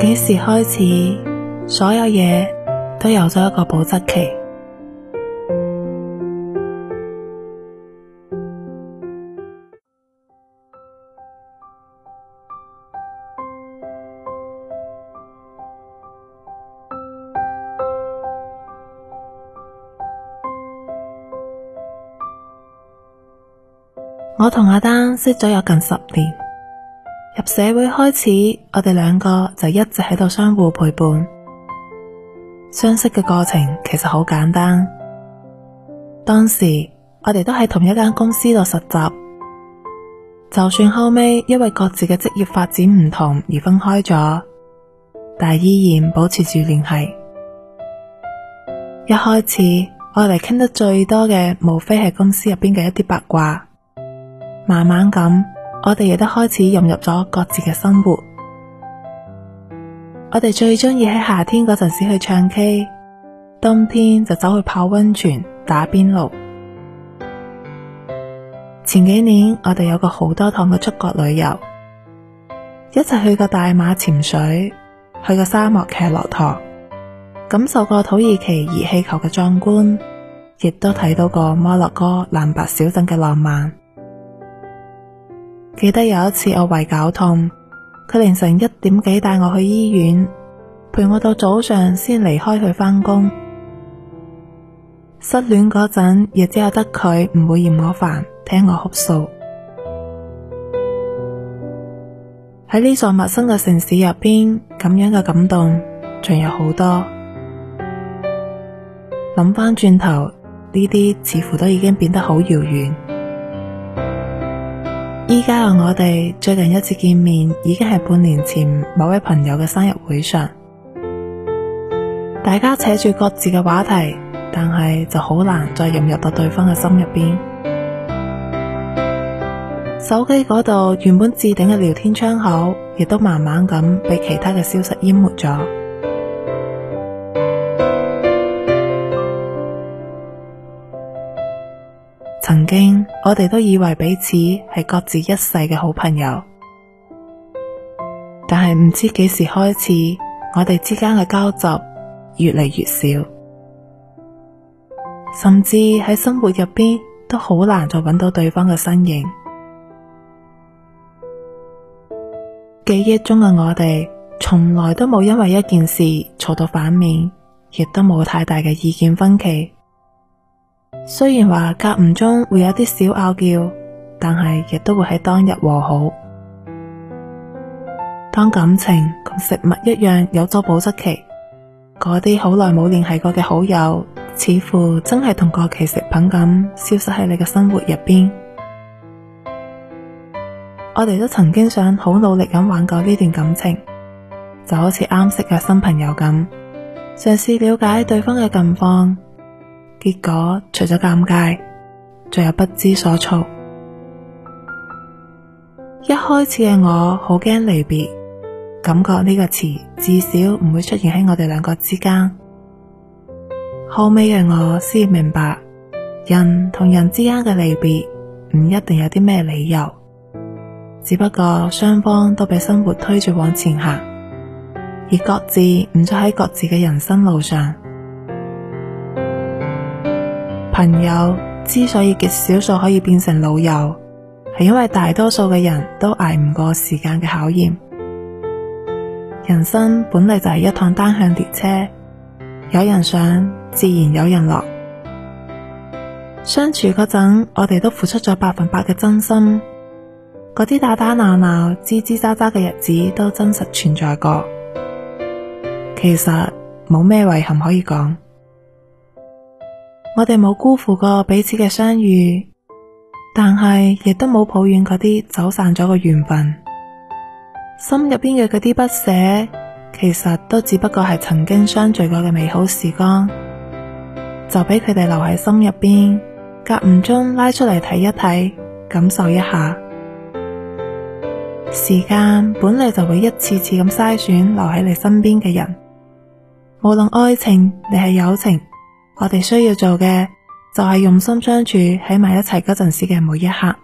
幾時開始，所有嘢都有咗一個保質期。 我同阿丹識咗有近十年。入社會開始，我哋兩個就一直喺度相互陪伴。相識嘅過程其實好簡單。當時我哋都喺同一間公司度實習，就算後尾因為各自嘅職業發展唔同而分開咗，但係依然保持住聯繫。一開始我哋傾得最多嘅，無非係公司入邊嘅一啲八卦。慢慢咁。我哋亦都開始融入咗各自嘅生活。我哋最中意喺夏天嗰陣時去唱 K，冬天就走去泡溫泉，打邊爐。前幾年我哋有過好多趟嘅出國旅遊，一齊去過大馬潛水，去過沙漠騎駱駝，感受過土耳其熱氣球嘅壯觀，亦都睇到過摩洛哥藍白小鎮嘅浪漫。記得有一次我胃絞痛，佢凌晨一點幾帶我去醫院，陪我到早上先離開佢返工。失戀嗰陣亦只有得佢唔會嫌我煩，聽我哭訴。喺呢座陌生嘅城市入邊，咁樣嘅感動，仲有好多。諗翻轉頭，呢啲似乎都已經變得好遙遠。依家嘅我哋最近一次見面已經係半年前某位朋友嘅生日會上，大家扯住各自嘅話題，但係就好難再融入到對方嘅心入邊。手機嗰度原本置頂嘅聊天窗口，亦都慢慢咁被其他嘅消息淹沒咗。曾經我哋都以為彼此係各自一世嘅好朋友，但係唔知幾時開始，我哋之間嘅交集越嚟越少，甚至喺生活入邊都好難再揾到對方嘅身影。記憶中嘅我哋，從來都冇因為一件事吵到反面，亦都冇太大嘅意見分歧。雖然話隔唔中會有啲小拗撬，但係亦都會喺當日和好。當感情同食物一樣有咗保質期，嗰啲好耐冇聯繫過嘅好友，似乎真係同過期食品咁消失喺你嘅生活入邊。我哋都曾經想好努力咁挽救呢段感情，就好似啱識嘅新朋友咁，嘗試了解對方嘅近況。結果除咗尷尬，仲有不知所措。一開始嘅我好驚離別，感覺呢個詞至少唔會出現喺我哋兩個之間。後尾嘅我先明白，人同人之間嘅離別唔一定有啲咩理由，只不過雙方都被生活推住往前行，而各自唔再喺各自嘅人生路上。朋友之所以極少數可以變成老友，係因為大多數嘅人都挨唔過時間嘅考驗。人生本嚟就係一趟單向列車，有人上，自然有人落。相處嗰陣，我哋都付出咗百分百嘅真心，嗰啲打打鬧鬧、吱吱喳喳嘅日子都真實存在過。其實冇咩遺憾可以講。我哋冇辜負過彼此嘅相遇，但係亦都冇抱怨嗰啲走散咗嘅緣分。心入邊嘅嗰啲不捨，其實都只不過係曾經相聚過嘅美好時光，就俾佢哋留喺心入邊，間唔中拉出嚟睇一睇，感受一下。時間本嚟就會一次次咁篩選，留喺你身邊嘅人，無論愛情，定係友情。我哋需要做嘅就係用心相處，喺埋一齊嗰陣時嘅每一刻。